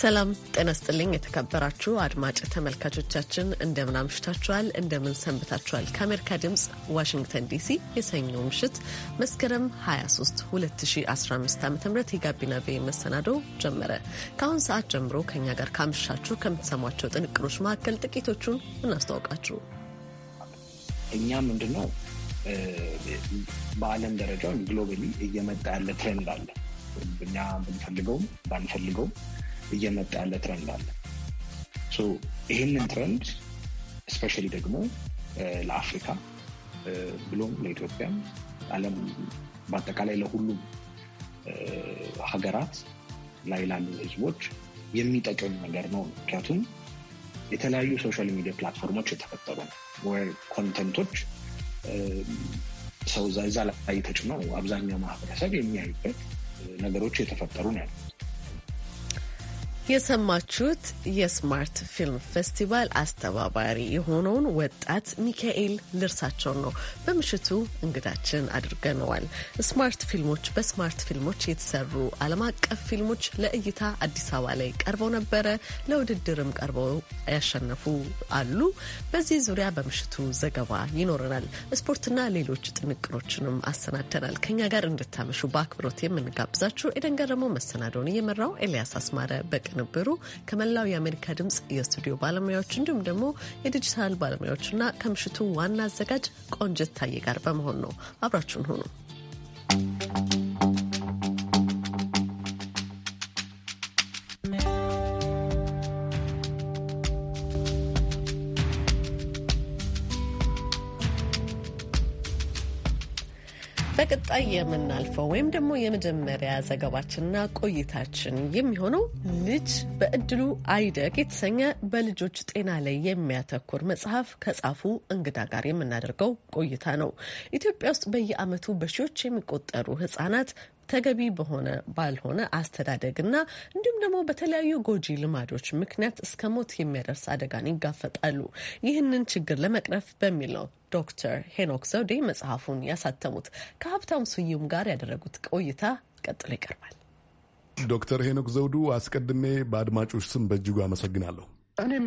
ሰላም ጤና ስጥልኝ። የተከበራችሁ አድማጭ ተመልካቾቻችን እንደምን አምሽታችኋል? እንደምን ሰንብታችኋል? ከአሜሪካ ድምፅ ዋሽንግተን ዲሲ የሰኞ ምሽት መስከረም 23 2015 ዓ ም የጋቢና ቤ መሰናዶ ጀመረ። ከአሁን ሰዓት ጀምሮ ከእኛ ጋር ካምሻችሁ ከምትሰሟቸው ጥንቅሮች መካከል ጥቂቶቹን እናስተዋውቃችሁ። እኛ ምንድነው በዓለም ደረጃ ግሎባሊ እየመጣ ያለ ትሬንድ አለ እኛ ብንፈልገውም ባንፈልገውም እየመጣ ያለ ትረንድ አለ። ይህንን ትረንድ እስፔሻሊ ደግሞ ለአፍሪካ ብሎም ለኢትዮጵያም ዓለም በአጠቃላይ ለሁሉም ሀገራት ላይ ላሉ ህዝቦች የሚጠቅም ነገር ነው። ምክንያቱም የተለያዩ ሶሻል ሚዲያ ፕላትፎርሞች የተፈጠሩ ነው። ኮንተንቶች ሰው እዛ ላይ ተጭነው አብዛኛው ማህበረሰብ የሚያዩበት ነገሮች የተፈጠሩ ነው ያሉ የሰማችሁት የስማርት ፊልም ፌስቲቫል አስተባባሪ የሆነውን ወጣት ሚካኤል ልርሳቸውን ነው በምሽቱ እንግዳችን አድርገነዋል። ስማርት ፊልሞች በስማርት ፊልሞች የተሰሩ ዓለም አቀፍ ፊልሞች ለእይታ አዲስ አበባ ላይ ቀርበው ነበረ። ለውድድርም ቀርበው ያሸነፉ አሉ። በዚህ ዙሪያ በምሽቱ ዘገባ ይኖረናል። ስፖርትና ሌሎች ጥንቅሮችንም አሰናድተናል። ከኛ ጋር እንድታመሹ በአክብሮት የምንጋብዛችሁ ኤደን ገረመው መሰናዶውን እየመራው ኤልያስ አስማረ በቅን ነበሩ። ከመላው የአሜሪካ ድምፅ የስቱዲዮ ባለሙያዎች እንዲሁም ደግሞ የዲጂታል ባለሙያዎችና ከምሽቱ ዋና አዘጋጅ ቆንጅት ታዬ ጋር በመሆን ነው። አብራችሁን ሁኑ። ቀጣይ የምናልፈው ወይም ደግሞ የመጀመሪያ ዘገባችንና ቆይታችን የሚሆነው ልጅ በእድሉ አይደግ የተሰኘ በልጆች ጤና ላይ የሚያተኩር መጽሐፍ ከጻፉ እንግዳ ጋር የምናደርገው ቆይታ ነው። ኢትዮጵያ ውስጥ በየዓመቱ በሺዎች የሚቆጠሩ ህጻናት ተገቢ በሆነ ባልሆነ አስተዳደግና እንዲሁም ደግሞ በተለያዩ ጎጂ ልማዶች ምክንያት እስከ ሞት የሚያደርስ አደጋን ይጋፈጣሉ። ይህንን ችግር ለመቅረፍ በሚለው ነው ዶክተር ሄኖክ ዘውዴ መጽሐፉን ያሳተሙት። ከሀብታም ስዩም ጋር ያደረጉት ቆይታ ቀጥሎ ይቀርባል። ዶክተር ሄኖክ ዘውዱ አስቀድሜ በአድማጮች ስም በእጅጉ አመሰግናለሁ። እኔም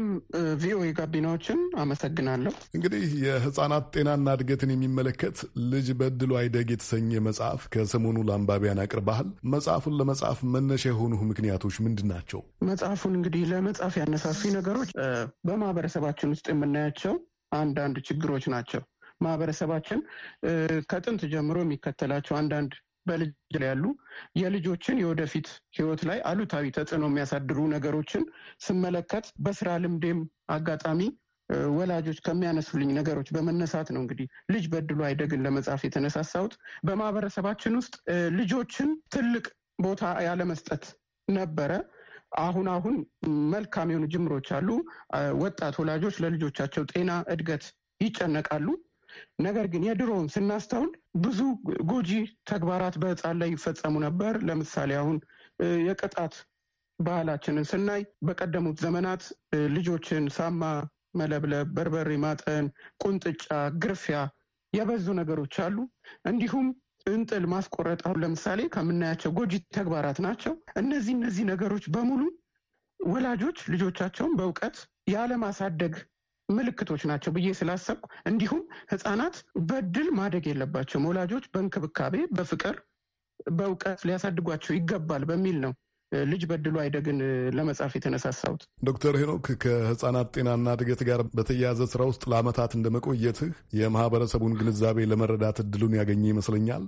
ቪኦኤ ጋቢናዎችን አመሰግናለሁ። እንግዲህ የህጻናት ጤናና እድገትን የሚመለከት ልጅ በድሎ አይደግ የተሰኘ መጽሐፍ ከሰሞኑ ለአንባቢያን አቅርበሃል። መጽሐፉን ለመጻፍ መነሻ የሆኑ ምክንያቶች ምንድን ናቸው? መጽሐፉን እንግዲህ ለመጻፍ ያነሳሱ ነገሮች በማህበረሰባችን ውስጥ የምናያቸው አንዳንድ ችግሮች ናቸው። ማህበረሰባችን ከጥንት ጀምሮ የሚከተላቸው አንዳንድ በልጅ ላይ ያሉ የልጆችን የወደፊት ህይወት ላይ አሉታዊ ተጽዕኖ የሚያሳድሩ ነገሮችን ስመለከት በስራ ልምዴም አጋጣሚ ወላጆች ከሚያነሱልኝ ነገሮች በመነሳት ነው እንግዲህ ልጅ በድሎ አይደግን ለመጻፍ የተነሳሳሁት። በማህበረሰባችን ውስጥ ልጆችን ትልቅ ቦታ ያለመስጠት ነበረ። አሁን አሁን መልካም የሆኑ ጅምሮች አሉ። ወጣት ወላጆች ለልጆቻቸው ጤና እድገት ይጨነቃሉ። ነገር ግን የድሮውን ስናስተውል ብዙ ጎጂ ተግባራት በህፃን ላይ ይፈጸሙ ነበር። ለምሳሌ አሁን የቅጣት ባህላችንን ስናይ በቀደሙት ዘመናት ልጆችን ሳማ መለብለብ፣ በርበሬ ማጠን፣ ቁንጥጫ፣ ግርፊያ የበዙ ነገሮች አሉ። እንዲሁም እንጥል ማስቆረጥ አሁን ለምሳሌ ከምናያቸው ጎጂ ተግባራት ናቸው። እነዚህ እነዚህ ነገሮች በሙሉ ወላጆች ልጆቻቸውን በእውቀት ያለማሳደግ ምልክቶች ናቸው ብዬ ስላሰብኩ፣ እንዲሁም ህፃናት በድል ማደግ የለባቸውም ወላጆች በእንክብካቤ በፍቅር በእውቀት ሊያሳድጓቸው ይገባል በሚል ነው ልጅ በድሉ አይደግን ለመጻፍ የተነሳሳሁት። ዶክተር ሄኖክ ከህጻናት ጤናና እድገት ጋር በተያያዘ ስራ ውስጥ ለአመታት እንደመቆየትህ የማህበረሰቡን ግንዛቤ ለመረዳት እድሉን ያገኘ ይመስለኛል።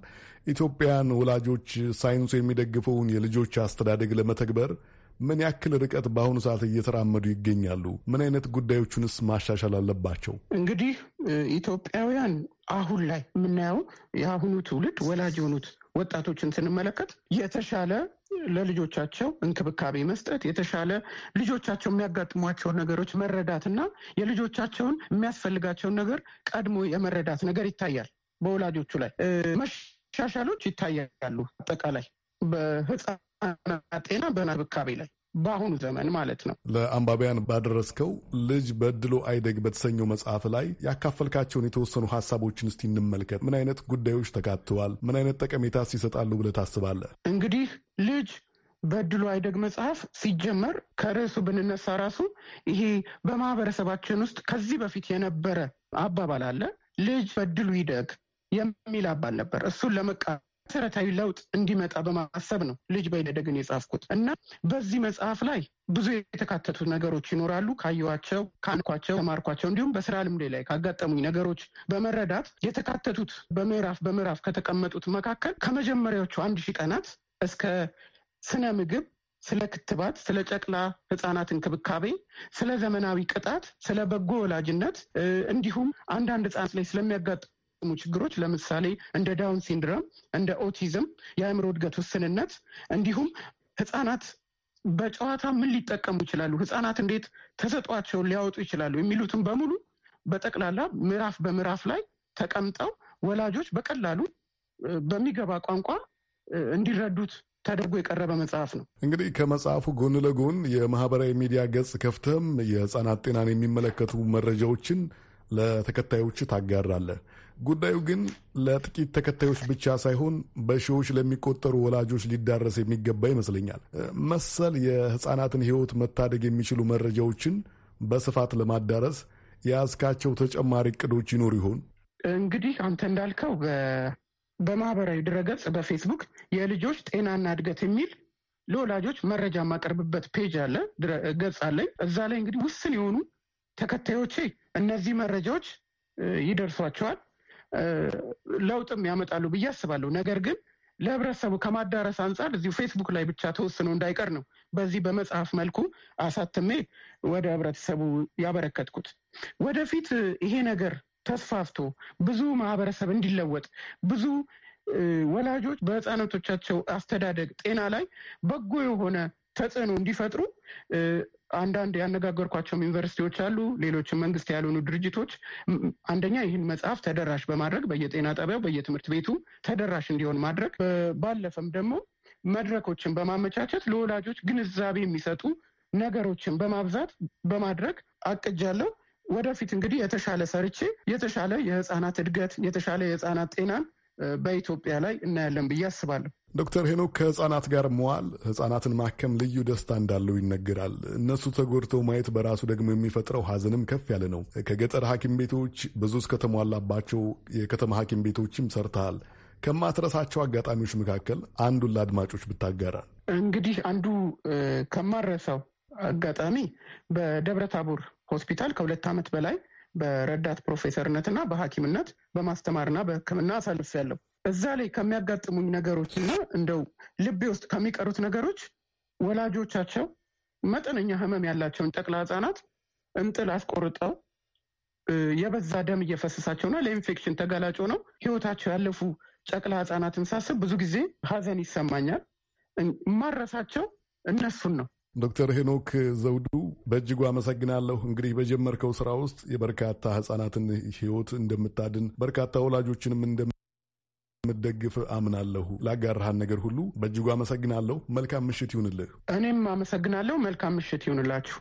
ኢትዮጵያን ወላጆች ሳይንሱ የሚደግፈውን የልጆች አስተዳደግ ለመተግበር ምን ያክል ርቀት በአሁኑ ሰዓት እየተራመዱ ይገኛሉ? ምን አይነት ጉዳዮቹንስ ማሻሻል አለባቸው? እንግዲህ ኢትዮጵያውያን አሁን ላይ የምናየው የአሁኑ ትውልድ ወላጅ የሆኑት ወጣቶችን ስንመለከት የተሻለ ለልጆቻቸው እንክብካቤ መስጠት የተሻለ ልጆቻቸው የሚያጋጥሟቸውን ነገሮች መረዳትና የልጆቻቸውን የሚያስፈልጋቸውን ነገር ቀድሞ የመረዳት ነገር ይታያል። በወላጆቹ ላይ መሻሻሎች ይታያሉ። አጠቃላይ በህፃናት ጤና በእንክብካቤ ላይ በአሁኑ ዘመን ማለት ነው። ለአንባቢያን ባደረስከው ልጅ በድሎ አይደግ በተሰኘው መጽሐፍ ላይ ያካፈልካቸውን የተወሰኑ ሀሳቦችን እስቲ እንመልከት። ምን አይነት ጉዳዮች ተካተዋል? ምን አይነት ጠቀሜታስ ይሰጣሉ ብለህ ታስባለህ? እንግዲህ ልጅ በድሎ አይደግ መጽሐፍ ሲጀመር ከርዕሱ ብንነሳ ራሱ ይሄ በማህበረሰባችን ውስጥ ከዚህ በፊት የነበረ አባባል አለ። ልጅ በድሉ ይደግ የሚል አባል ነበር። እሱን ለመቃ መሰረታዊ ለውጥ እንዲመጣ በማሰብ ነው ልጅ በይደደግን የጻፍኩት እና በዚህ መጽሐፍ ላይ ብዙ የተካተቱ ነገሮች ይኖራሉ። ካየኋቸው፣ ካንኳቸው፣ ተማርኳቸው እንዲሁም በስራ ልምዴ ላይ ካጋጠሙኝ ነገሮች በመረዳት የተካተቱት በምዕራፍ በምዕራፍ ከተቀመጡት መካከል ከመጀመሪያዎቹ አንድ ሺህ ቀናት እስከ ስነ ምግብ ስለ ክትባት፣ ስለ ጨቅላ ህፃናት እንክብካቤ፣ ስለ ዘመናዊ ቅጣት፣ ስለ በጎ ወላጅነት እንዲሁም አንዳንድ ህፃናት ላይ ስለሚያጋጥ የሚያጋጥሙ ችግሮች ለምሳሌ እንደ ዳውን ሲንድረም፣ እንደ ኦቲዝም፣ የአእምሮ እድገት ውስንነት እንዲሁም ህጻናት በጨዋታ ምን ሊጠቀሙ ይችላሉ፣ ህጻናት እንዴት ተሰጧቸውን ሊያወጡ ይችላሉ የሚሉትን በሙሉ በጠቅላላ ምዕራፍ በምዕራፍ ላይ ተቀምጠው ወላጆች በቀላሉ በሚገባ ቋንቋ እንዲረዱት ተደርጎ የቀረበ መጽሐፍ ነው። እንግዲህ ከመጽሐፉ ጎን ለጎን የማህበራዊ ሚዲያ ገጽ ከፍተህም የህጻናት ጤናን የሚመለከቱ መረጃዎችን ለተከታዮች ታጋራለህ። ጉዳዩ ግን ለጥቂት ተከታዮች ብቻ ሳይሆን በሺዎች ለሚቆጠሩ ወላጆች ሊዳረስ የሚገባ ይመስለኛል። መሰል የሕፃናትን ሕይወት መታደግ የሚችሉ መረጃዎችን በስፋት ለማዳረስ የያዝካቸው ተጨማሪ እቅዶች ይኖሩ ይሆን? እንግዲህ አንተ እንዳልከው በማህበራዊ ድረገጽ በፌስቡክ የልጆች ጤናና እድገት የሚል ለወላጆች መረጃ የማቀርብበት ፔጅ አለ፣ ገጽ አለኝ። እዛ ላይ እንግዲህ ውስን የሆኑ ተከታዮቼ እነዚህ መረጃዎች ይደርሷቸዋል፣ ለውጥም ያመጣሉ ብዬ አስባለሁ። ነገር ግን ለህብረተሰቡ ከማዳረስ አንጻር እዚሁ ፌስቡክ ላይ ብቻ ተወስኖ እንዳይቀር ነው በዚህ በመጽሐፍ መልኩ አሳትሜ ወደ ህብረተሰቡ ያበረከትኩት። ወደፊት ይሄ ነገር ተስፋፍቶ ብዙ ማህበረሰብ እንዲለወጥ ብዙ ወላጆች በህፃናቶቻቸው አስተዳደግ ጤና ላይ በጎ የሆነ ተጽዕኖ እንዲፈጥሩ አንዳንድ ያነጋገርኳቸውም ዩኒቨርሲቲዎች አሉ፣ ሌሎችም መንግስት ያልሆኑ ድርጅቶች አንደኛ ይህን መጽሐፍ ተደራሽ በማድረግ በየጤና ጣቢያው በየትምህርት ቤቱ ተደራሽ እንዲሆን ማድረግ ባለፈም ደግሞ መድረኮችን በማመቻቸት ለወላጆች ግንዛቤ የሚሰጡ ነገሮችን በማብዛት በማድረግ አቅጃለሁ። ወደፊት እንግዲህ የተሻለ ሰርቼ የተሻለ የህፃናት እድገት የተሻለ የህፃናት ጤናን በኢትዮጵያ ላይ እናያለን ብዬ አስባለሁ። ዶክተር ሄኖክ ከህጻናት ጋር መዋል ህጻናትን ማከም ልዩ ደስታ እንዳለው ይነገራል። እነሱ ተጎድተው ማየት በራሱ ደግሞ የሚፈጥረው ሀዘንም ከፍ ያለ ነው። ከገጠር ሐኪም ቤቶች ብዙ እስከተሟላባቸው የከተማ ሐኪም ቤቶችም ሰርተሃል። ከማትረሳቸው አጋጣሚዎች መካከል አንዱን ለአድማጮች ብታጋራ። እንግዲህ አንዱ ከማረሰው አጋጣሚ በደብረ ታቦር ሆስፒታል ከሁለት ዓመት በላይ በረዳት ፕሮፌሰርነትና በሐኪምነት በማስተማርና በሕክምና አሳልፍ ያለው እዛ ላይ ከሚያጋጥሙኝ ነገሮች እና እንደው ልቤ ውስጥ ከሚቀሩት ነገሮች ወላጆቻቸው መጠነኛ ህመም ያላቸውን ጨቅላ ህጻናት እምጥል አስቆርጠው የበዛ ደም እየፈሰሳቸውና ለኢንፌክሽን ተጋላጮ ነው ህይወታቸው ያለፉ ጨቅላ ህጻናትን ሳስብ ብዙ ጊዜ ሀዘን ይሰማኛል። ማረሳቸው እነሱን ነው። ዶክተር ሄኖክ ዘውዱ በእጅጉ አመሰግናለሁ። እንግዲህ በጀመርከው ስራ ውስጥ የበርካታ ህጻናትን ህይወት እንደምታድን በርካታ ወላጆችንም እንደ እንደግፍ አምናለሁ። ላጋርሃን ነገር ሁሉ በእጅጉ አመሰግናለሁ። መልካም ምሽት ይሁንልህ። እኔም አመሰግናለሁ። መልካም ምሽት ይሁንላችሁ።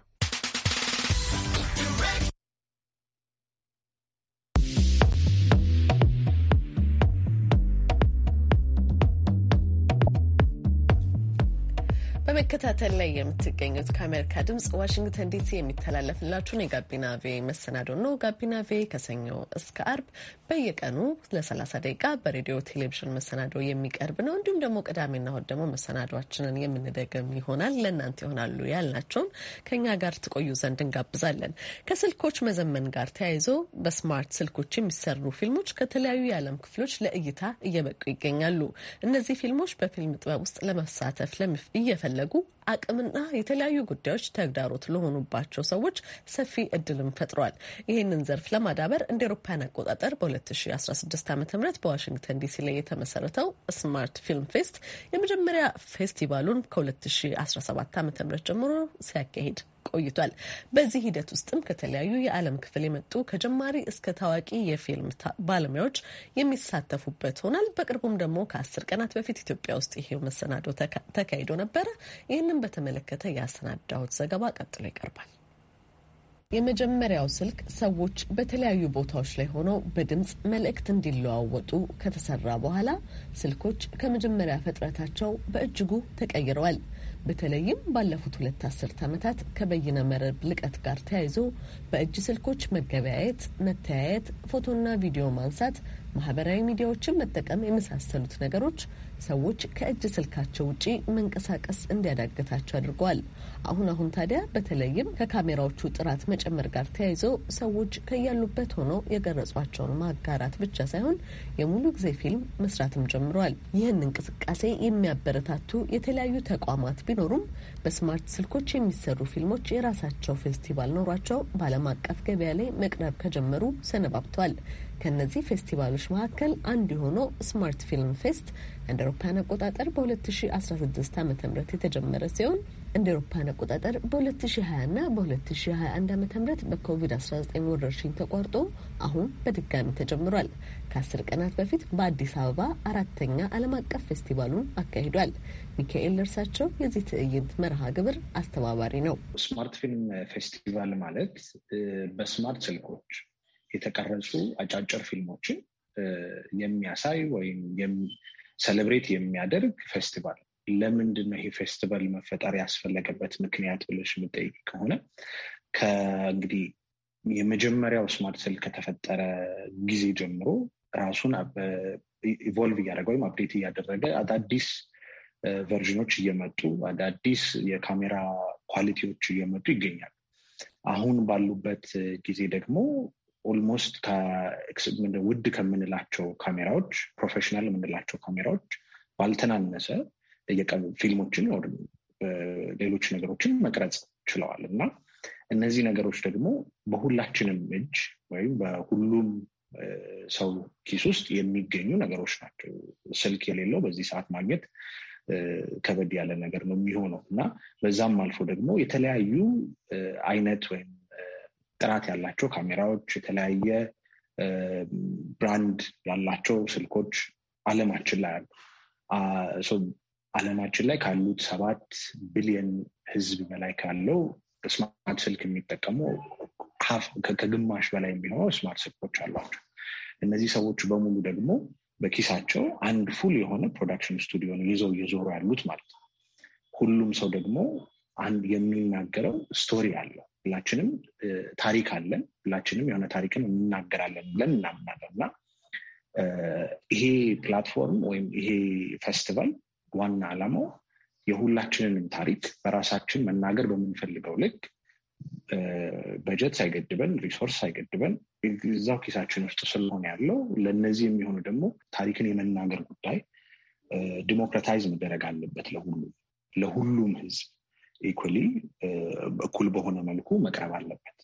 በመከታተል ላይ የምትገኙት ከአሜሪካ ድምጽ ዋሽንግተን ዲሲ የሚተላለፍላችሁን የጋቢና ቬ መሰናዶ ነው። ጋቢና ቬ ከሰኞ እስከ አርብ በየቀኑ ለ30 ደቂቃ በሬዲዮ ቴሌቪዥን መሰናዶ የሚቀርብ ነው። እንዲሁም ደግሞ ቅዳሜና እሁድ ደግሞ መሰናዷችንን የምንደግም ይሆናል። ለእናንተ ይሆናሉ ያልናቸውን ከእኛ ጋር ትቆዩ ዘንድ እንጋብዛለን። ከስልኮች መዘመን ጋር ተያይዞ በስማርት ስልኮች የሚሰሩ ፊልሞች ከተለያዩ የዓለም ክፍሎች ለእይታ እየበቁ ይገኛሉ። እነዚህ ፊልሞች በፊልም ጥበብ ውስጥ ለመሳተፍ እየፈለጉ à አቅምና የተለያዩ ጉዳዮች ተግዳሮት ለሆኑባቸው ሰዎች ሰፊ እድልም ፈጥሯል። ይህንን ዘርፍ ለማዳበር እንደ ኤሮፓያን አቆጣጠር በ2016 ዓ ም በዋሽንግተን ዲሲ ላይ የተመሰረተው ስማርት ፊልም ፌስት የመጀመሪያ ፌስቲቫሉን ከ2017 ዓ ም ጀምሮ ሲያካሂድ ቆይቷል። በዚህ ሂደት ውስጥም ከተለያዩ የዓለም ክፍል የመጡ ከጀማሪ እስከ ታዋቂ የፊልም ባለሙያዎች የሚሳተፉበት ሆናል። በቅርቡም ደግሞ ከአስር ቀናት በፊት ኢትዮጵያ ውስጥ ይሄው መሰናዶ ተካሂዶ ነበረ። ይህንን ይህንን በተመለከተ ያሰናዳሁት ዘገባ ቀጥሎ ይቀርባል። የመጀመሪያው ስልክ ሰዎች በተለያዩ ቦታዎች ላይ ሆነው በድምፅ መልእክት እንዲለዋወጡ ከተሰራ በኋላ ስልኮች ከመጀመሪያ ፍጥረታቸው በእጅጉ ተቀይረዋል። በተለይም ባለፉት ሁለት አስርት ዓመታት ከበይነ መረብ ልቀት ጋር ተያይዞ በእጅ ስልኮች መገበያየት፣ መተያየት፣ ፎቶና ቪዲዮ ማንሳት፣ ማህበራዊ ሚዲያዎችን መጠቀም የመሳሰሉት ነገሮች ሰዎች ከእጅ ስልካቸው ውጪ መንቀሳቀስ እንዲያዳግታቸው አድርጓል። አሁን አሁን ታዲያ በተለይም ከካሜራዎቹ ጥራት መጨመር ጋር ተያይዞ ሰዎች ከያሉበት ሆነው የቀረጿቸውን ማጋራት ብቻ ሳይሆን የሙሉ ጊዜ ፊልም መስራትም ጀምሯል። ይህን እንቅስቃሴ የሚያበረታቱ የተለያዩ ተቋማት ቢኖሩም በስማርት ስልኮች የሚሰሩ ፊልሞች የራሳቸው ፌስቲቫል ኖሯቸው በዓለም አቀፍ ገበያ ላይ መቅረብ ከጀመሩ ሰነባብተዋል። ከነዚህ ፌስቲቫሎች መካከል አንዱ የሆነው ስማርት ፊልም ፌስት እንደ አውሮፓውያን አቆጣጠር በ2016 ዓ ም የተጀመረ ሲሆን እንደ አውሮፓውያን አቆጣጠር በ2020 እና በ2021 ዓ ም በኮቪድ-19 ወረርሽኝ ተቋርጦ አሁን በድጋሚ ተጀምሯል። ከአስር ቀናት በፊት በአዲስ አበባ አራተኛ ዓለም አቀፍ ፌስቲቫሉን አካሂዷል። ሚካኤል እርሳቸው የዚህ ትዕይንት መርሃ ግብር አስተባባሪ ነው። ስማርት ፊልም ፌስቲቫል ማለት በስማርት ስልኮች የተቀረጹ አጫጭር ፊልሞችን የሚያሳይ ወይም ሰለብሬት የሚያደርግ ፌስቲቫል። ለምንድን ነው ይሄ ፌስቲቫል መፈጠር ያስፈለገበት ምክንያት ብለሽ የምጠይቅ ከሆነ ከእንግዲህ የመጀመሪያው ስማርት ስልክ ከተፈጠረ ጊዜ ጀምሮ ራሱን ኢቮልቭ እያደረገ ወይም አፕዴት እያደረገ አዳዲስ ቨርዥኖች እየመጡ አዳዲስ የካሜራ ኳሊቲዎች እየመጡ ይገኛሉ። አሁን ባሉበት ጊዜ ደግሞ ኦልሞስት ውድ ከምንላቸው ካሜራዎች ፕሮፌሽናል የምንላቸው ካሜራዎች ባልተናነሰ ፊልሞችን ሌሎች ነገሮችን መቅረጽ ችለዋል እና እነዚህ ነገሮች ደግሞ በሁላችንም እጅ ወይም በሁሉም ሰው ኪስ ውስጥ የሚገኙ ነገሮች ናቸው። ስልክ የሌለው በዚህ ሰዓት ማግኘት ከበድ ያለ ነገር ነው የሚሆነው እና በዛም አልፎ ደግሞ የተለያዩ አይነት ወይም ጥራት ያላቸው ካሜራዎች፣ የተለያየ ብራንድ ያላቸው ስልኮች አለማችን ላይ አሉ። አለማችን ላይ ካሉት ሰባት ቢሊየን ህዝብ በላይ ካለው ስማርት ስልክ የሚጠቀሙ ከግማሽ በላይ የሚሆነው ስማርት ስልኮች አሏቸው። እነዚህ ሰዎች በሙሉ ደግሞ በኪሳቸው አንድ ፉል የሆነ ፕሮዳክሽን ስቱዲዮን ይዘው እየዞሩ ያሉት ማለት ነው። ሁሉም ሰው ደግሞ አንድ የሚናገረው ስቶሪ አለው። ሁላችንም ታሪክ አለን፣ ሁላችንም የሆነ ታሪክን እንናገራለን ብለን እናምናለን እና ይሄ ፕላትፎርም ወይም ይሄ ፌስቲቫል ዋና ዓላማው የሁላችንንም ታሪክ በራሳችን መናገር በምንፈልገው ልክ በጀት ሳይገድበን ሪሶርስ ሳይገድበን እዛው ኪሳችን ውስጥ ስለሆነ ያለው ለእነዚህ የሚሆኑ ደግሞ ታሪክን የመናገር ጉዳይ ዲሞክራታይዝ መደረግ አለበት ለሁሉም ለሁሉም ህዝብ ኢኩሊ እኩል በሆነ መልኩ መቅረብ አለበት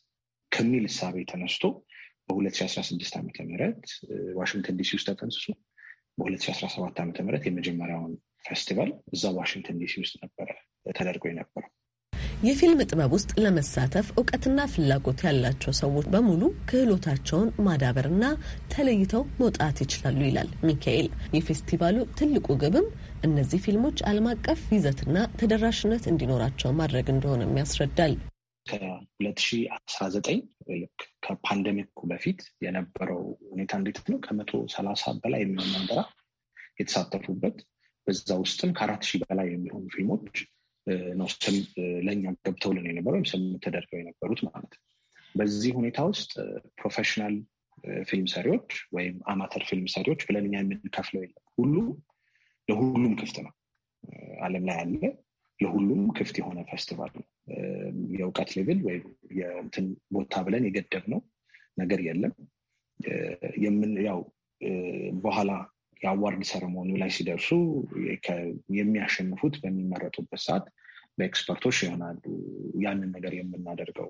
ከሚል እሳቤ ተነስቶ በ2016 ዓ ም ዋሽንግተን ዲሲ ውስጥ ተጠንስሶ በ2017 ዓ ም የመጀመሪያውን ፌስቲቫል እዛ ዋሽንግተን ዲሲ ውስጥ ነበረ ተደርጎ የነበረው። የፊልም ጥበብ ውስጥ ለመሳተፍ እውቀትና ፍላጎት ያላቸው ሰዎች በሙሉ ክህሎታቸውን ማዳበርና ተለይተው መውጣት ይችላሉ ይላል ሚካኤል። የፌስቲቫሉ ትልቁ ግብም እነዚህ ፊልሞች ዓለም አቀፍ ይዘትና ተደራሽነት እንዲኖራቸው ማድረግ እንደሆነም ያስረዳል። ከ2019 ልክ ከፓንደሚኩ በፊት የነበረው ሁኔታ እንዴት ነው? ከመቶ ሰላሳ በላይ የሚሆን መንበራ የተሳተፉበት በዛ ውስጥም ከአራት ሺህ በላይ የሚሆኑ ፊልሞች ነው ስም ለእኛ ገብተውልን የነበረ ወይም ስም ተደርገው የነበሩት ማለት ነው። በዚህ ሁኔታ ውስጥ ፕሮፌሽናል ፊልም ሰሪዎች ወይም አማተር ፊልም ሰሪዎች ብለን እኛ የምንከፍለው የለም። ሁሉ ለሁሉም ክፍት ነው። ዓለም ላይ ያለ ለሁሉም ክፍት የሆነ ፌስቲቫል ነው። የእውቀት ሌብል ወይም የእንትን ቦታ ብለን የገደብነው ነገር የለም። የምን ያው በኋላ የአዋርድ ሰርሞኒ ላይ ሲደርሱ የሚያሸንፉት በሚመረጡበት ሰዓት በኤክስፐርቶች ይሆናሉ ያንን ነገር የምናደርገው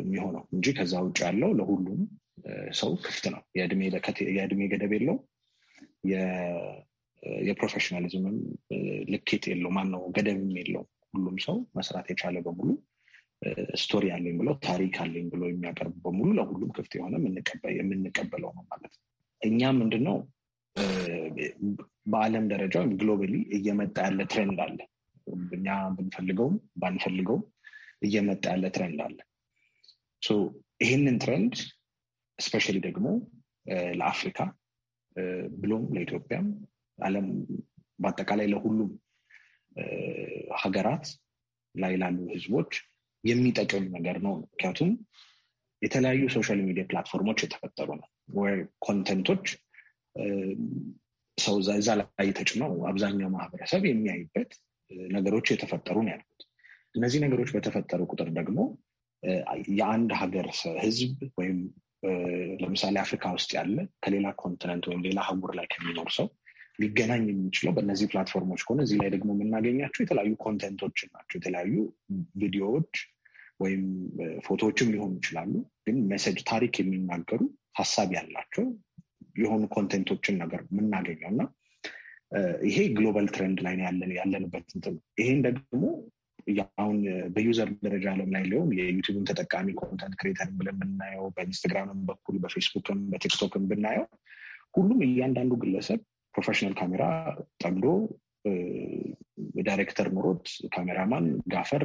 የሚሆነው እንጂ ከዛ ውጭ ያለው ለሁሉም ሰው ክፍት ነው። የእድሜ ገደብ የለው። የፕሮፌሽናሊዝምም ልኬት የለው ማነው ገደብም የለው። ሁሉም ሰው መስራት የቻለ በሙሉ ስቶሪ አለኝ ብለው ታሪክ አለኝ ብለው የሚያቀርቡ በሙሉ ለሁሉም ክፍት የሆነ የምንቀበለው ነው ማለት ነው። እኛ ምንድን ነው ደረጃ ወይም ግሎባሊ እየመጣ ያለ ትሬንድ አለ። እኛ ብንፈልገውም ባንፈልገውም እየመጣ ያለ ትሬንድ አለ። ይህንን ትሬንድ ስፔሻሊ ደግሞ ለአፍሪካ ብሎም ለኢትዮጵያም ዓለም በአጠቃላይ ለሁሉም ሀገራት ላይ ላሉ ህዝቦች የሚጠቅም ነገር ነው። ምክንያቱም የተለያዩ ሶሻል ሚዲያ ፕላትፎርሞች የተፈጠሩ ነው ወይ ኮንተንቶች ሰው እዛ ላይ ተጭነው አብዛኛው ማህበረሰብ የሚያይበት ነገሮች የተፈጠሩ ነው ያሉት። እነዚህ ነገሮች በተፈጠሩ ቁጥር ደግሞ የአንድ ሀገር ህዝብ ወይም ለምሳሌ አፍሪካ ውስጥ ያለ ከሌላ ኮንቲነንት ወይም ሌላ አህጉር ላይ ከሚኖር ሰው ሊገናኝ የሚችለው በእነዚህ ፕላትፎርሞች ከሆነ እዚህ ላይ ደግሞ የምናገኛቸው የተለያዩ ኮንቴንቶችን ናቸው። የተለያዩ ቪዲዮዎች ወይም ፎቶዎችም ሊሆኑ ይችላሉ። ግን ሜሴጅ፣ ታሪክ የሚናገሩ ሀሳብ ያላቸው የሆኑ ኮንቴንቶችን ነገር የምናገኘው እና ይሄ ግሎባል ትሬንድ ላይ ያለንበት እንትን ነው። ይሄን ደግሞ አሁን በዩዘር ደረጃ አለም ላይ ሊሆን የዩቲዩብን ተጠቃሚ ኮንተንት ክሬተር ብለን ብናየው በኢንስታግራምም በኩል በፌስቡክም በቲክቶክም ብናየው ሁሉም እያንዳንዱ ግለሰብ ፕሮፌሽናል ካሜራ ጠምዶ ዳይሬክተር ኖሮት ካሜራማን ጋፈር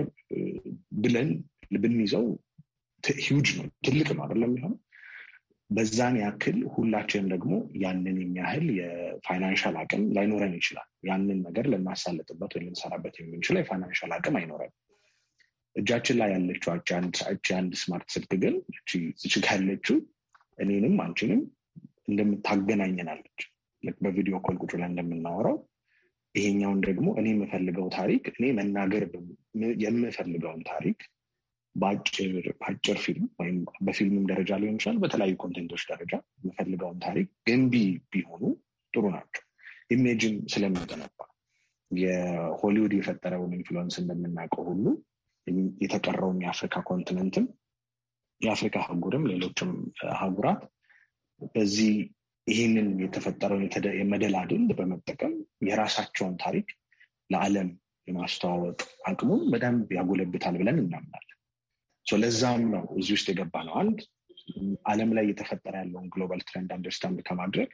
ብለን ብንይዘው ሂውጅ ነው፣ ትልቅ ነው አይደለም የሚሆነው። በዛን ያክል ሁላችንም ደግሞ ያንን የሚያህል የፋይናንሻል አቅም ላይኖረን ይችላል። ያንን ነገር ልናሳልጥበት ወይ ልንሰራበት የምንችለው የፋይናንሻል አቅም አይኖረን። እጃችን ላይ ያለችው እቺ አንድ ስማርት ስልክ ግን እቺ ያለችው እኔንም አንችንም እንደምታገናኘናለች በቪዲዮ ኮል ቁጭ ላይ እንደምናወራው ይሄኛውን ደግሞ እኔ የምፈልገው ታሪክ እኔ መናገር የምፈልገውን ታሪክ በአጭር ፊልም ወይም በፊልምም ደረጃ ሊሆን ይችላል። በተለያዩ ኮንቴንቶች ደረጃ የምፈልገውን ታሪክ ገንቢ ቢሆኑ ጥሩ ናቸው። ኢሜጅን ስለምንገነባ የሆሊውድ የፈጠረውን ኢንፍሉወንስ እንደምናውቀው ሁሉ የተቀረውን የአፍሪካ ኮንቲነንትም የአፍሪካ ሀጉርም ሌሎችም ሀጉራት በዚህ ይህንን የተፈጠረውን የመደላድል በመጠቀም የራሳቸውን ታሪክ ለዓለም የማስተዋወቅ አቅሙን በደንብ ያጎለብታል ብለን እናምናለን። ለዛም ነው እዚህ ውስጥ የገባ ነው። አንድ ዓለም ላይ እየተፈጠረ ያለውን ግሎባል ትሬንድ አንደርስታንድ ከማድረግ፣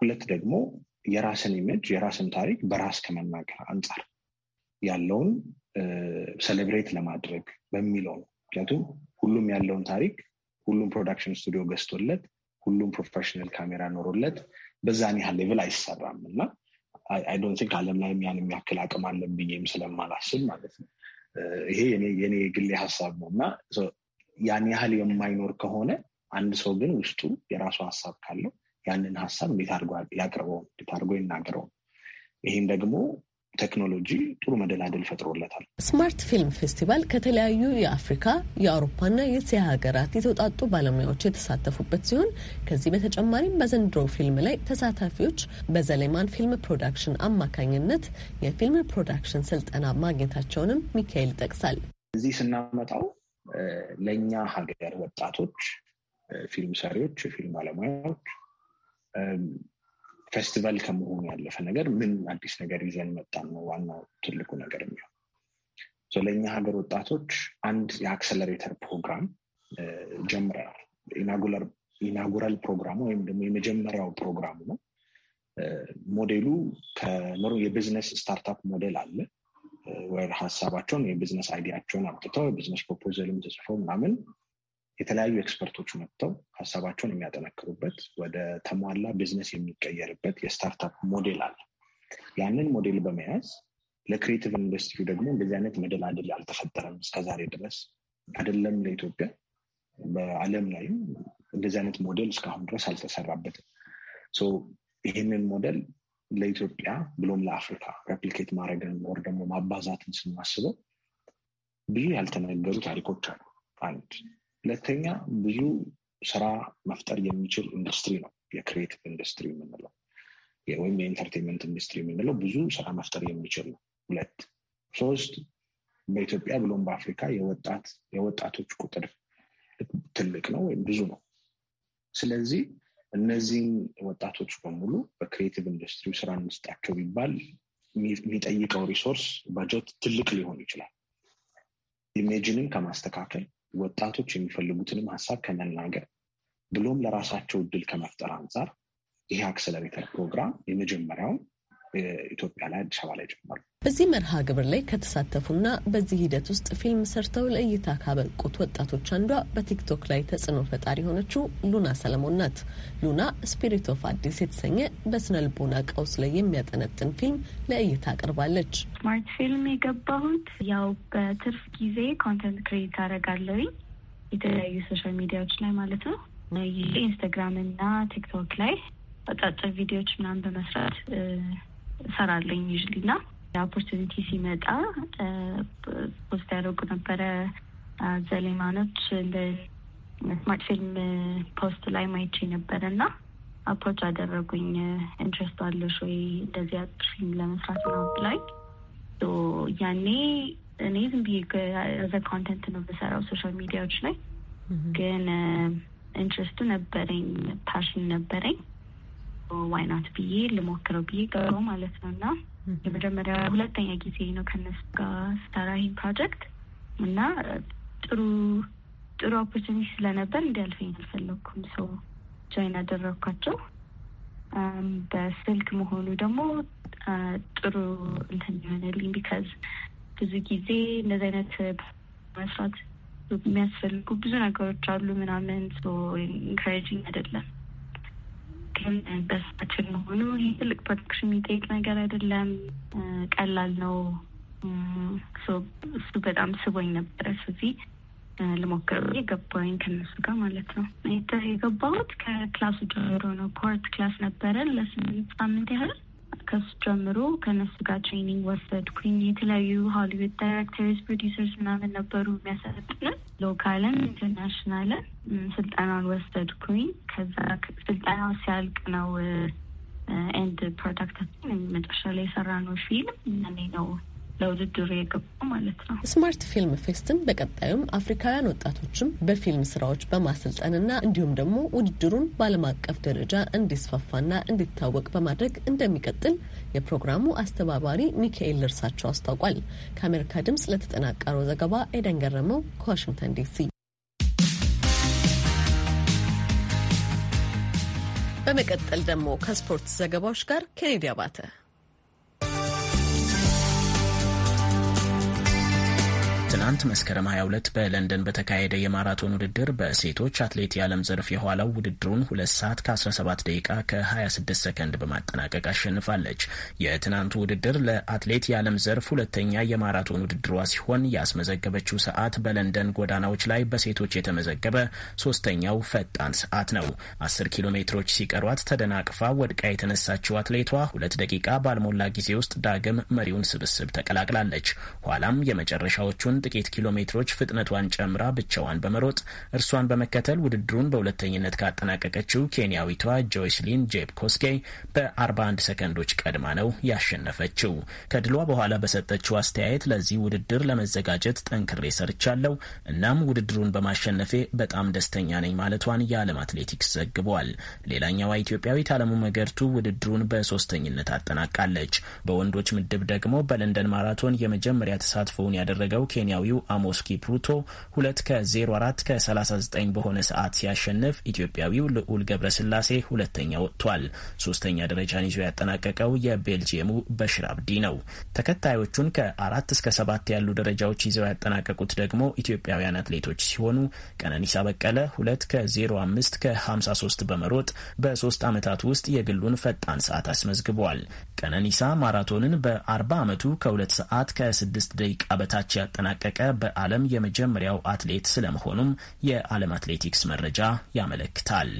ሁለት ደግሞ የራስን ኢሜጅ የራስን ታሪክ በራስ ከመናገር አንጻር ያለውን ሴሌብሬት ለማድረግ በሚለው ነው። ምክንያቱም ሁሉም ያለውን ታሪክ ሁሉም ፕሮዳክሽን ስቱዲዮ ገዝቶለት ሁሉም ፕሮፌሽናል ካሜራ ኖሮለት በዛን ያህል ሌቭል አይሰራም እና አይ ዶንት ቲንክ አለም ላይ ያን የሚያክል አቅም አለን ብዬም ስለማላስብ ማለት ነው። ይሄ የኔ የግሌ ሀሳብ ነው እና ያን ያህል የማይኖር ከሆነ አንድ ሰው ግን ውስጡ የራሱ ሀሳብ ካለው ያንን ሀሳብ እንዴት አድርጎ ያቅርበው፣ እንዴት አድርጎ ይናገረው። ይህም ደግሞ ቴክኖሎጂ ጥሩ መደላደል ፈጥሮለታል። ስማርት ፊልም ፌስቲቫል ከተለያዩ የአፍሪካ የአውሮፓና የእስያ ሀገራት የተውጣጡ ባለሙያዎች የተሳተፉበት ሲሆን ከዚህ በተጨማሪም በዘንድሮ ፊልም ላይ ተሳታፊዎች በዘሌማን ፊልም ፕሮዳክሽን አማካኝነት የፊልም ፕሮዳክሽን ስልጠና ማግኘታቸውንም ሚካኤል ይጠቅሳል። እዚህ ስናመጣው ለእኛ ሀገር ወጣቶች ፊልም ሰሪዎች፣ የፊልም ባለሙያዎች ፌስቲቫል ከመሆኑ ያለፈ ነገር ምን አዲስ ነገር ይዘን መጣን ነው ዋናው ትልቁ ነገር የሚሆን ለእኛ ሀገር ወጣቶች አንድ የአክሰለሬተር ፕሮግራም ጀምረናል። ኢናጉራል ፕሮግራሙ ወይም ደግሞ የመጀመሪያው ፕሮግራሙ ነው። ሞዴሉ የቢዝነስ ስታርታፕ ሞዴል አለ ወይ ሀሳባቸውን የቢዝነስ አይዲያቸውን አምጥተው የቢዝነስ ፕሮፖዘልም ተጽፎ ምናምን የተለያዩ ኤክስፐርቶች መጥተው ሀሳባቸውን የሚያጠነክሩበት ወደ ተሟላ ቢዝነስ የሚቀየርበት የስታርታፕ ሞዴል አለ። ያንን ሞዴል በመያዝ ለክሪኤቲቭ ኢንዱስትሪ ደግሞ እንደዚህ አይነት መደላድል አልተፈጠረም እስከዛሬ ድረስ አይደለም ለኢትዮጵያ በዓለም ላይ እንደዚህ አይነት ሞዴል እስካሁን ድረስ አልተሰራበትም። ይህንን ሞዴል ለኢትዮጵያ ብሎም ለአፍሪካ ሬፕሊኬት ማድረግን ወር ደግሞ ማባዛትን ስናስበው ብዙ ያልተነገሩ ታሪኮች አሉ። አንድ ሁለተኛ ብዙ ስራ መፍጠር የሚችል ኢንዱስትሪ ነው የክሬቲቭ ኢንዱስትሪ የምንለው ወይም የኢንተርቴንመንት ኢንዱስትሪ የምንለው ብዙ ስራ መፍጠር የሚችል ነው። ሁለት ሶስት በኢትዮጵያ ብሎም በአፍሪካ የወጣቶች ቁጥር ትልቅ ነው ወይም ብዙ ነው። ስለዚህ እነዚህን ወጣቶች በሙሉ በክሬቲቭ ኢንዱስትሪ ስራ እንስጣቸው ቢባል የሚጠይቀው ሪሶርስ በጀት ትልቅ ሊሆን ይችላል። ኢሜጅንን ከማስተካከል ወጣቶች የሚፈልጉትንም ሀሳብ ከመናገር ብሎም ለራሳቸው እድል ከመፍጠር አንጻር ይሄ አክሰለሬተር ፕሮግራም የመጀመሪያውን ኢትዮጵያ ላይ አዲስ አበባ ላይ ጀመሩ። በዚህ መርሃ ግብር ላይ ከተሳተፉና በዚህ ሂደት ውስጥ ፊልም ሰርተው ለእይታ ካበቁት ወጣቶች አንዷ በቲክቶክ ላይ ተጽዕኖ ፈጣሪ የሆነችው ሉና ሰለሞን ናት። ሉና ስፒሪት ኦፍ አዲስ የተሰኘ በስነ ልቦና ቀውስ ላይ የሚያጠነጥን ፊልም ለእይታ አቅርባለች። ስማርት ፊልም የገባሁት ያው በትርፍ ጊዜ ኮንተንት ክሬት አደርጋለሁኝ የተለያዩ ሶሻል ሚዲያዎች ላይ ማለት ነው። ኢንስታግራም እና ቲክቶክ ላይ አጫጭር ቪዲዮዎች ምናምን በመስራት ትሰራለኝ ዩዥሊ እና የኦፖርቹኒቲ ሲመጣ ፖስት ያደረጉ ነበረ ዘሌማኖች እንደ ስማርት ፊልም ፖስት ላይ ማይቼ ነበረ እና አፕሮች አደረጉኝ። ኢንትረስት አለሽ ወይ እንደዚህ አጭር ፊልም ለመስራት ነው ብላኝ። ያኔ እኔ ዝም ብዬ ዘ ኮንተንት ነው ብሰራው ሶሻል ሚዲያዎች ላይ ግን ኢንትረስቱ ነበረኝ፣ ፓሽን ነበረኝ። ዋይናት ብዬ ልሞክረው ብዬ ገባሁ ማለት ነው እና የመጀመሪያ ሁለተኛ ጊዜ ነው ከነሱ ጋር ስታራ ይሄን ፕሮጀክት እና ጥሩ ጥሩ ኦፖርቹኒቲ ስለነበር እንዲያልፈኝ አልፈለግኩም። ሰው ጆይን አደረግኳቸው። በስልክ መሆኑ ደግሞ ጥሩ እንትን ይሆንልኝ ቢካዝ ብዙ ጊዜ እንደዚህ አይነት መስራት የሚያስፈልጉ ብዙ ነገሮች አሉ ምናምን ኢንካሬጂንግ አይደለም። ግን በሳችን መሆኑ ይህ ትልቅ ፕሮቴክሽን የሚጠይቅ ነገር አይደለም፣ ቀላል ነው። እሱ በጣም ስቦኝ ነበረ። ስለዚህ ልሞክር የገባኝ ከነሱ ጋር ማለት ነው። የገባሁት ከክላሱ ጀምሮ ነው። ኮርት ክላስ ነበረ ለስምንት ሳምንት ያህል ከሱ ጀምሮ ከነሱ ጋር ትሬኒንግ ወሰድኩኝ። የተለያዩ ሆሊውድ ዳይሬክተርስ፣ ፕሮዲሰርስ ምናምን ነበሩ የሚያሰለጥነን። ሎካልን ኢንተርናሽናልን ስልጠናውን ወሰድኩኝ። ከዛ ስልጠናው ሲያልቅ ነው ኤንድ ፕሮዳክታችን መጨረሻ ላይ የሰራ ነው ፊልም ያኔ ነው ለውድድሩ የገባው ማለት ነው። ስማርት ፊልም ፌስትን በቀጣዩም አፍሪካውያን ወጣቶችም በፊልም ስራዎች በማሰልጠንና እንዲሁም ደግሞ ውድድሩን በዓለም አቀፍ ደረጃ እንዲስፋፋና እንዲታወቅ በማድረግ እንደሚቀጥል የፕሮግራሙ አስተባባሪ ሚካኤል ልርሳቸው አስታውቋል። ከአሜሪካ ድምጽ ለተጠናቀረው ዘገባ ኤደን ገረመው ከዋሽንግተን ዲሲ። በመቀጠል ደግሞ ከስፖርት ዘገባዎች ጋር ኬኔዲ አባተ ትናንት መስከረም 22 በለንደን በተካሄደ የማራቶን ውድድር በሴቶች አትሌት የዓለም ዘርፍ የኋላው ውድድሩን 2 ሰዓት ከ17 ደቂቃ ከ26 ሰከንድ በማጠናቀቅ አሸንፋለች። የትናንቱ ውድድር ለአትሌት የዓለም ዘርፍ ሁለተኛ የማራቶን ውድድሯ ሲሆን ያስመዘገበችው ሰዓት በለንደን ጎዳናዎች ላይ በሴቶች የተመዘገበ ሶስተኛው ፈጣን ሰዓት ነው። 10 ኪሎ ሜትሮች ሲቀሯት ተደናቅፋ ወድቃ የተነሳችው አትሌቷ ሁለት ደቂቃ ባልሞላ ጊዜ ውስጥ ዳግም መሪውን ስብስብ ተቀላቅላለች። ኋላም የመጨረሻዎቹን ጥቂት ኪሎ ሜትሮች ፍጥነቷን ጨምራ ብቻዋን በመሮጥ እርሷን በመከተል ውድድሩን በሁለተኝነት ካጠናቀቀችው ኬንያዊቷ ጆይስሊን ጄፕ ኮስጌይ በ41 ሰከንዶች ቀድማ ነው ያሸነፈችው። ከድሏ በኋላ በሰጠችው አስተያየት ለዚህ ውድድር ለመዘጋጀት ጠንክሬ ሰርቻለሁ፣ እናም ውድድሩን በማሸነፌ በጣም ደስተኛ ነኝ ማለቷን የዓለም አትሌቲክስ ዘግቧል። ሌላኛዋ ኢትዮጵያዊት አለሙ መገርቱ ውድድሩን በሶስተኝነት አጠናቃለች። በወንዶች ምድብ ደግሞ በለንደን ማራቶን የመጀመሪያ ተሳትፎውን ያደረገው ኬንያ ኬንያዊው አሞስ ኪፕሩቶ ሁለት ከ04 ከ39 በሆነ ሰዓት ሲያሸንፍ ኢትዮጵያዊው ልዑል ገብረስላሴ ሁለተኛ ወጥቷል። ሶስተኛ ደረጃን ይዞ ያጠናቀቀው የቤልጅየሙ በሽር አብዲ ነው። ተከታዮቹን ከአራት እስከ ሰባት ያሉ ደረጃዎች ይዘው ያጠናቀቁት ደግሞ ኢትዮጵያውያን አትሌቶች ሲሆኑ ቀነኒሳ በቀለ ሁለት ከ05 ከ53 በመሮጥ በሶስት ዓመታት ውስጥ የግሉን ፈጣን ሰዓት አስመዝግቧል። ቀነኒሳ ማራቶንን በ40 ዓመቱ ከ2 ሰዓት ከ6 ደቂቃ በታች ያጠናቀ የተጠናቀቀ በዓለም የመጀመሪያው አትሌት ስለመሆኑም የዓለም አትሌቲክስ መረጃ ያመለክታል።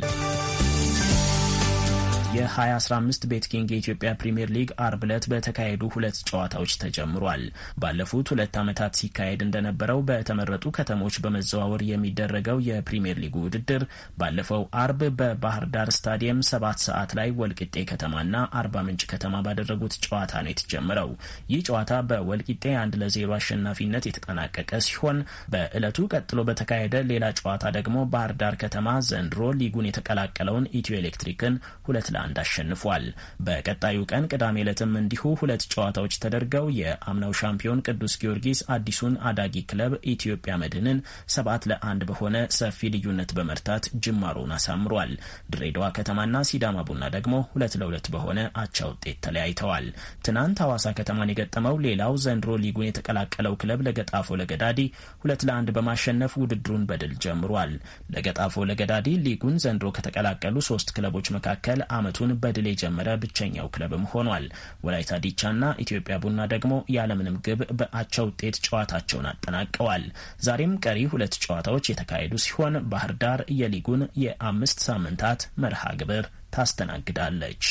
የ2015 ቤትኪንግ የኢትዮጵያ ፕሪምየር ሊግ አርብ ዕለት በተካሄዱ ሁለት ጨዋታዎች ተጀምሯል። ባለፉት ሁለት ዓመታት ሲካሄድ እንደነበረው በተመረጡ ከተሞች በመዘዋወር የሚደረገው የፕሪምየር ሊጉ ውድድር ባለፈው አርብ በባህር ዳር ስታዲየም ሰባት ሰዓት ላይ ወልቂጤ ከተማና አርባ ምንጭ ከተማ ባደረጉት ጨዋታ ነው የተጀመረው። ይህ ጨዋታ በወልቂጤ አንድ ለዜሮ አሸናፊነት የተጠናቀቀ ሲሆን በዕለቱ ቀጥሎ በተካሄደ ሌላ ጨዋታ ደግሞ ባህር ዳር ከተማ ዘንድሮ ሊጉን የተቀላቀለውን ኢትዮ ኤሌክትሪክን ሁለት ለ ለአንድ አሸንፏል። በቀጣዩ ቀን ቅዳሜ ዕለትም እንዲሁ ሁለት ጨዋታዎች ተደርገው የአምናው ሻምፒዮን ቅዱስ ጊዮርጊስ አዲሱን አዳጊ ክለብ ኢትዮጵያ መድህንን ሰባት ለአንድ በሆነ ሰፊ ልዩነት በመርታት ጅማሮውን አሳምሯል። ድሬዳዋ ከተማና ሲዳማ ቡና ደግሞ ሁለት ለሁለት በሆነ አቻ ውጤት ተለያይተዋል። ትናንት ሐዋሳ ከተማን የገጠመው ሌላው ዘንድሮ ሊጉን የተቀላቀለው ክለብ ለገጣፎ ለገዳዲ ሁለት ለአንድ በማሸነፍ ውድድሩን በድል ጀምሯል። ለገጣፎ ለገዳዲ ሊጉን ዘንድሮ ከተቀላቀሉ ሶስት ክለቦች መካከል አመ ግንኙነቱን በድል የጀመረ ብቸኛው ክለብም ሆኗል። ወላይታ ዲቻና ኢትዮጵያ ቡና ደግሞ ያለምንም ግብ በአቻ ውጤት ጨዋታቸውን አጠናቀዋል። ዛሬም ቀሪ ሁለት ጨዋታዎች የተካሄዱ ሲሆን ባህር ዳር የሊጉን የአምስት ሳምንታት መርሃ ግብር ታስተናግዳለች።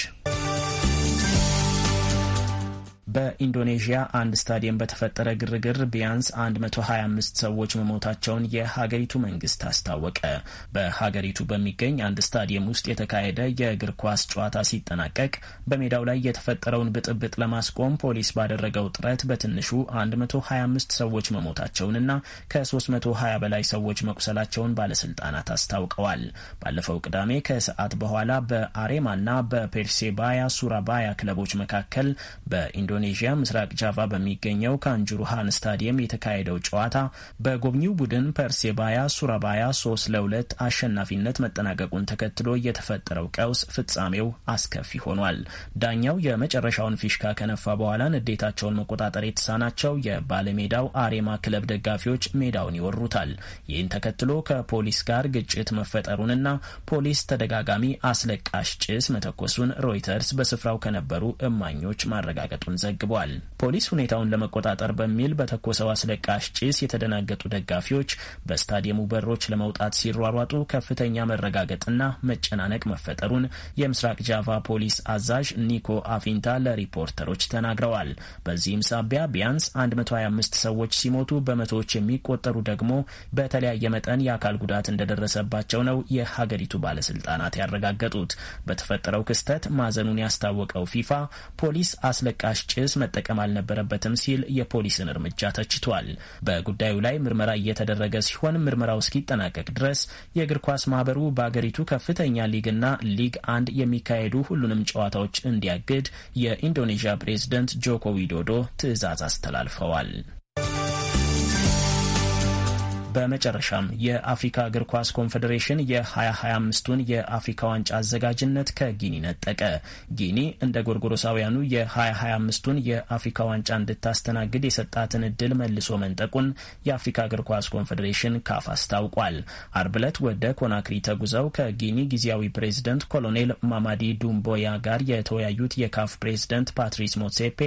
በኢንዶኔዥያ አንድ ስታዲየም በተፈጠረ ግርግር ቢያንስ 125 ሰዎች መሞታቸውን የሀገሪቱ መንግስት አስታወቀ። በሀገሪቱ በሚገኝ አንድ ስታዲየም ውስጥ የተካሄደ የእግር ኳስ ጨዋታ ሲጠናቀቅ በሜዳው ላይ የተፈጠረውን ብጥብጥ ለማስቆም ፖሊስ ባደረገው ጥረት በትንሹ 125 ሰዎች መሞታቸውንና ከ320 በላይ ሰዎች መቁሰላቸውን ባለስልጣናት አስታውቀዋል። ባለፈው ቅዳሜ ከሰዓት በኋላ በአሬማና በፔርሴባያ ሱራባያ ክለቦች መካከል በኢንዶ ኢንዶኔዥያ ምስራቅ ጃቫ በሚገኘው ካንጁሩሃን ስታዲየም የተካሄደው ጨዋታ በጎብኚው ቡድን ፐርሴባያ ሱራባያ ሶስት ለሁለት አሸናፊነት መጠናቀቁን ተከትሎ የተፈጠረው ቀውስ ፍጻሜው አስከፊ ሆኗል። ዳኛው የመጨረሻውን ፊሽካ ከነፋ በኋላ ንዴታቸውን መቆጣጠር የተሳናቸው የባለሜዳው አሬማ ክለብ ደጋፊዎች ሜዳውን ይወሩታል። ይህን ተከትሎ ከፖሊስ ጋር ግጭት መፈጠሩንና ፖሊስ ተደጋጋሚ አስለቃሽ ጭስ መተኮሱን ሮይተርስ በስፍራው ከነበሩ እማኞች ማረጋገጡን ዘ ተዘግቧል። ፖሊስ ሁኔታውን ለመቆጣጠር በሚል በተኮሰው አስለቃሽ ጭስ የተደናገጡ ደጋፊዎች በስታዲየሙ በሮች ለመውጣት ሲሯሯጡ ከፍተኛ መረጋገጥና መጨናነቅ መፈጠሩን የምስራቅ ጃቫ ፖሊስ አዛዥ ኒኮ አፊንታ ለሪፖርተሮች ተናግረዋል። በዚህም ሳቢያ ቢያንስ 125 ሰዎች ሲሞቱ በመቶዎች የሚቆጠሩ ደግሞ በተለያየ መጠን የአካል ጉዳት እንደደረሰባቸው ነው የሀገሪቱ ባለስልጣናት ያረጋገጡት። በተፈጠረው ክስተት ማዘኑን ያስታወቀው ፊፋ ፖሊስ አስለቃሽ ጭስ ክስ መጠቀም አልነበረበትም ሲል የፖሊስን እርምጃ ተችቷል። በጉዳዩ ላይ ምርመራ እየተደረገ ሲሆን ምርመራው እስኪጠናቀቅ ድረስ የእግር ኳስ ማህበሩ በአገሪቱ ከፍተኛ ሊግና ሊግ አንድ የሚካሄዱ ሁሉንም ጨዋታዎች እንዲያግድ የኢንዶኔዥያ ፕሬዝደንት ጆኮ ዊዶዶ ትዕዛዝ አስተላልፈዋል። በመጨረሻም የአፍሪካ እግር ኳስ ኮንፌዴሬሽን የ2025ቱን የአፍሪካ ዋንጫ አዘጋጅነት ከጊኒ ነጠቀ። ጊኒ እንደ ጎርጎሮሳውያኑ የ2025ቱን የአፍሪካ ዋንጫ እንድታስተናግድ የሰጣትን እድል መልሶ መንጠቁን የአፍሪካ እግር ኳስ ኮንፌዴሬሽን ካፍ አስታውቋል። አርብ ዕለት ወደ ኮናክሪ ተጉዘው ከጊኒ ጊዜያዊ ፕሬዝደንት ኮሎኔል ማማዲ ዱምቦያ ጋር የተወያዩት የካፍ ፕሬዝደንት ፓትሪስ ሞሴፔ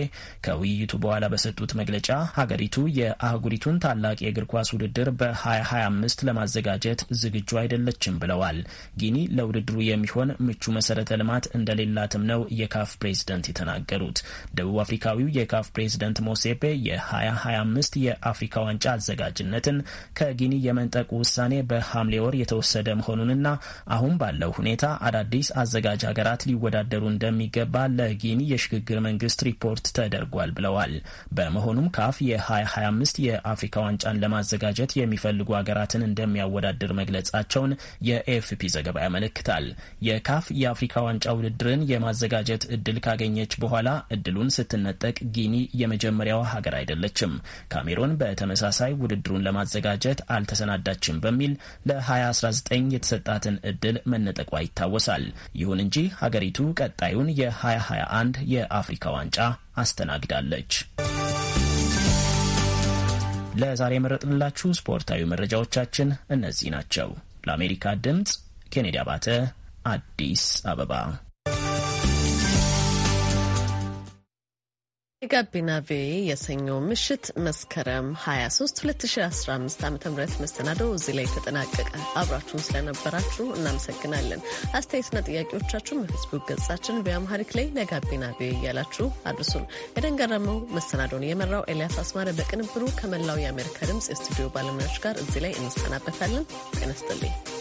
ከውይይቱ በኋላ በሰጡት መግለጫ ሀገሪቱ የአህጉሪቱን ታላቅ የእግር ኳስ ውድድር በ 2025 ለማዘጋጀት ዝግጁ አይደለችም ብለዋል። ጊኒ ለውድድሩ የሚሆን ምቹ መሰረተ ልማት እንደሌላትም ነው የካፍ ፕሬዝደንት የተናገሩት። ደቡብ አፍሪካዊው የካፍ ፕሬዝደንት ሞሴፔ የ2025 የአፍሪካ ዋንጫ አዘጋጅነትን ከጊኒ የመንጠቁ ውሳኔ በሐምሌ ወር የተወሰደ መሆኑንና አሁን ባለው ሁኔታ አዳዲስ አዘጋጅ ሀገራት ሊወዳደሩ እንደሚገባ ለጊኒ የሽግግር መንግስት ሪፖርት ተደርጓል ብለዋል። በመሆኑም ካፍ የ2025 የአፍሪካ ዋንጫን ለማዘጋጀት የሚፈ የሚፈልጉ ሀገራትን እንደሚያወዳድር መግለጻቸውን የኤፍፒ ዘገባ ያመለክታል። የካፍ የአፍሪካ ዋንጫ ውድድርን የማዘጋጀት እድል ካገኘች በኋላ እድሉን ስትነጠቅ ጊኒ የመጀመሪያዋ ሀገር አይደለችም። ካሜሮን በተመሳሳይ ውድድሩን ለማዘጋጀት አልተሰናዳችም በሚል ለ2019 የተሰጣትን እድል መነጠቋ ይታወሳል። ይሁን እንጂ ሀገሪቱ ቀጣዩን የ2021 የአፍሪካ ዋንጫ አስተናግዳለች። ለዛሬ የመረጥንላችሁ ስፖርታዊ መረጃዎቻችን እነዚህ ናቸው። ለአሜሪካ ድምፅ ኬኔዲ አባተ አዲስ አበባ የጋቢና ቪኦኤ የሰኞ ምሽት መስከረም 23 2015 ዓ ም መሰናደው እዚህ ላይ ተጠናቀቀ። አብራችሁን ስለነበራችሁ እናመሰግናለን። አስተያየትና ጥያቄዎቻችሁን በፌስቡክ ገጻችን በአምሃሪክ ላይ ለጋቢና ቬ እያላችሁ አድርሱን። የደንገረመው መሰናዶውን የመራው ኤልያስ አስማረ በቅንብሩ ከመላው የአሜሪካ ድምፅ የስቱዲዮ ባለሙያዎች ጋር እዚህ ላይ እንሰናበታለን። ጤና ይስጥልኝ።